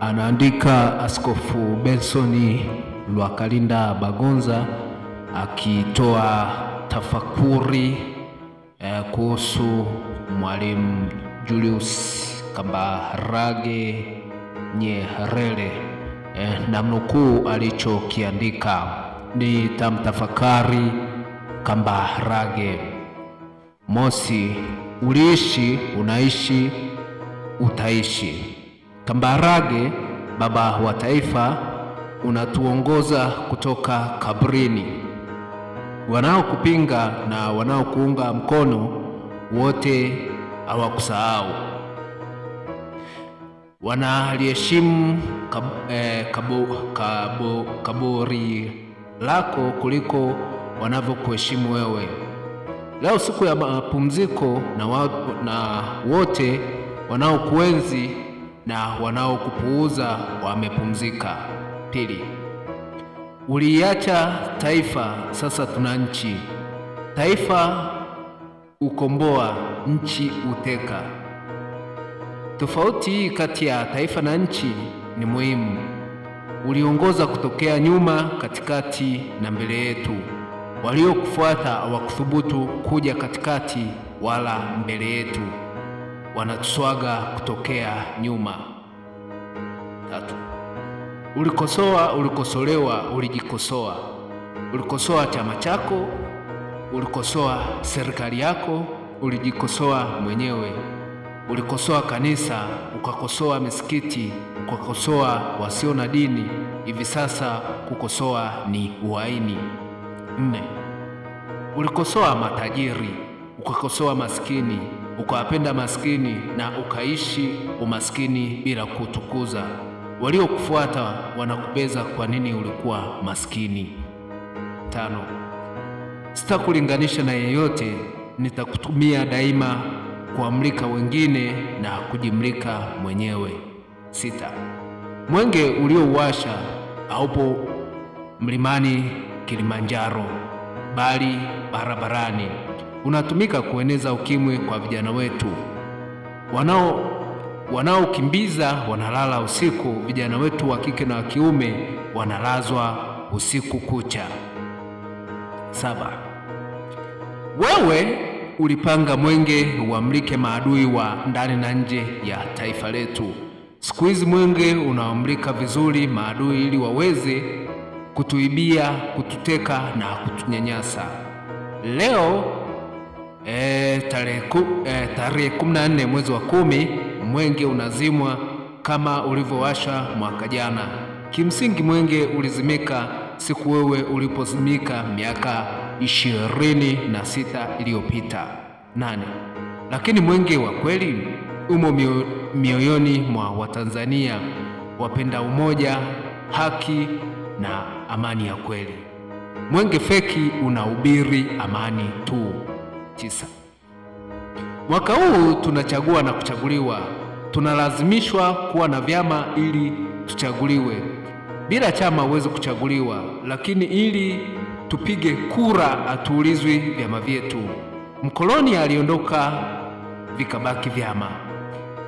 Anaandika Askofu Benson Lwakalinda Bagonza akitoa tafakuri eh, kuhusu Mwalimu Julius Kambarage Nyerere eh, na mnukuu alichokiandika ni tamtafakari Kambarage: mosi, uliishi, unaishi, utaishi Kambarage, baba wa taifa, unatuongoza kutoka kabrini. Wanaokupinga na wanaokuunga mkono wote hawakusahau. Wanaliheshimu kab, eh, kabo, kabo, kaburi lako kuliko wanavyokuheshimu wewe. Leo siku ya mapumziko na, na wote wanaokuenzi na wanaokupuuza wamepumzika. Pili, uliacha taifa, sasa tuna nchi. Taifa ukomboa, nchi uteka. Tofauti hii kati ya taifa na nchi ni muhimu. Uliongoza kutokea nyuma, katikati na mbele yetu. Waliokufuata hawakuthubutu kuja katikati wala mbele yetu wanatuswaga kutokea nyuma. Tatu, ulikosoa, ulikosolewa, ulijikosoa. Ulikosoa chama chako, ulikosoa serikali yako, ulijikosoa mwenyewe. Ulikosoa kanisa, ukakosoa misikiti, ukakosoa wasio na dini. Hivi sasa kukosoa ni uhaini. Nne, ulikosoa matajiri, ukakosoa maskini ukawapenda maskini na ukaishi umaskini bila kutukuza. Waliokufuata wanakubeza kwa nini ulikuwa maskini. Tano, sitakulinganisha na yeyote, nitakutumia daima kuamlika wengine na kujimlika mwenyewe. Sita, mwenge uliouasha haupo mlimani Kilimanjaro, bali barabarani unatumika kueneza ukimwi kwa vijana wetu. Wanao wanaokimbiza wanalala usiku, vijana wetu wa kike na wa kiume wanalazwa usiku kucha. Saba, wewe ulipanga mwenge uamlike maadui wa ndani na nje ya taifa letu. Siku hizi mwenge unaamlika vizuri maadui ili waweze kutuibia, kututeka na kutunyanyasa. Leo e, tarehe ku, e, tarehe nne mwezi wa kumi mwenge unazimwa kama ulivyowasha mwaka jana. Kimsingi mwenge ulizimika siku wewe ulipozimika miaka ishirini na sita iliyopita nane, lakini mwenge wa kweli umo mio, mioyoni mwa Watanzania wapenda umoja, haki na amani ya kweli. Mwenge feki unahubiri amani tu tisa. Mwaka huu tunachagua na kuchaguliwa, tunalazimishwa kuwa na vyama ili tuchaguliwe. Bila chama huwezi kuchaguliwa, lakini ili tupige kura hatuulizwi vyama vyetu. Mkoloni aliondoka, vikabaki vyama.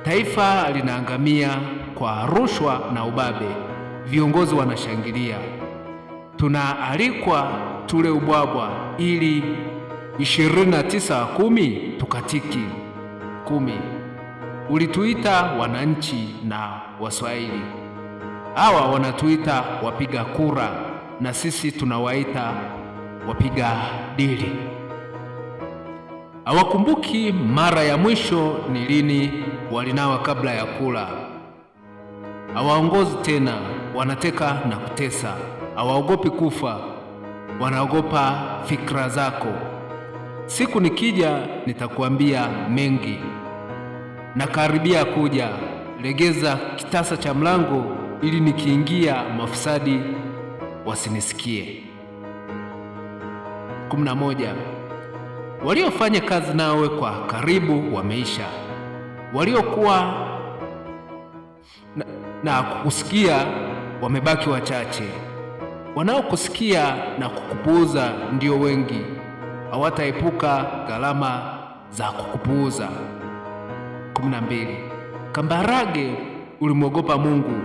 Taifa linaangamia kwa rushwa na ubabe, viongozi wanashangilia. Tunaalikwa tule ubwabwa ili 29:10 tukatiki 10. Ulituita wananchi na Waswahili, hawa wanatuita wapiga kura na sisi tunawaita wapiga dili. Hawakumbuki mara ya mwisho ni lini walinawa kabla ya kula. Hawaongozi tena, wanateka na kutesa. Hawaogopi kufa, wanaogopa fikra zako. Siku nikija nitakuambia mengi. Nakaribia kuja, legeza kitasa cha mlango ili nikiingia mafisadi wasinisikie. kumi na moja. Waliofanya kazi nawe kwa karibu wameisha, waliokuwa na, na kukusikia wamebaki wachache, wanaokusikia na kukupuuza ndio wengi hawataepuka gharama za kukupuuza. 12. Kambarage ulimwogopa Mungu,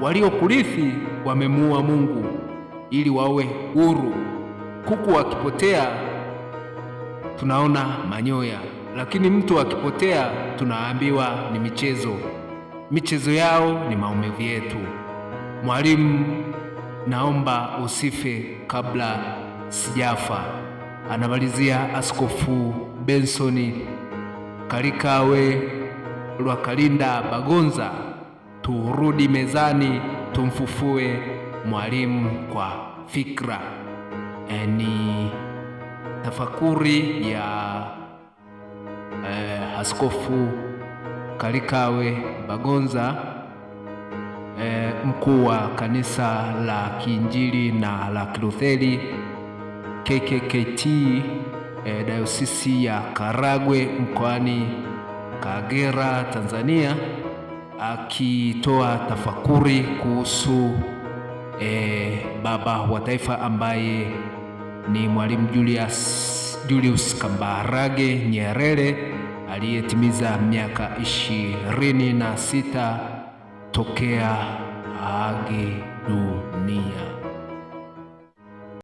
waliokurithi wamemuua Mungu ili wawe huru. Kuku akipotea tunaona manyoya, lakini mtu akipotea tunaambiwa ni michezo. Michezo yao ni maumivu yetu. Mwalimu, naomba usife kabla sijafa anamalizia Askofu Bensoni Kalikawe Lwakalinda Bagonza, turudi mezani, tumfufue mwalimu kwa fikra. E, ni yaani, tafakuri ya e, Askofu Kalikawe Bagonza e, mkuu wa kanisa la Kiinjili na la Kilutheri KKKT e, eh, dayosisi ya Karagwe mkoani Kagera, Tanzania, akitoa tafakuri kuhusu e, baba wa taifa ambaye ni Mwalimu Julius, Julius Kambarage Nyerere aliyetimiza miaka ishirini na sita tokea aage dunia.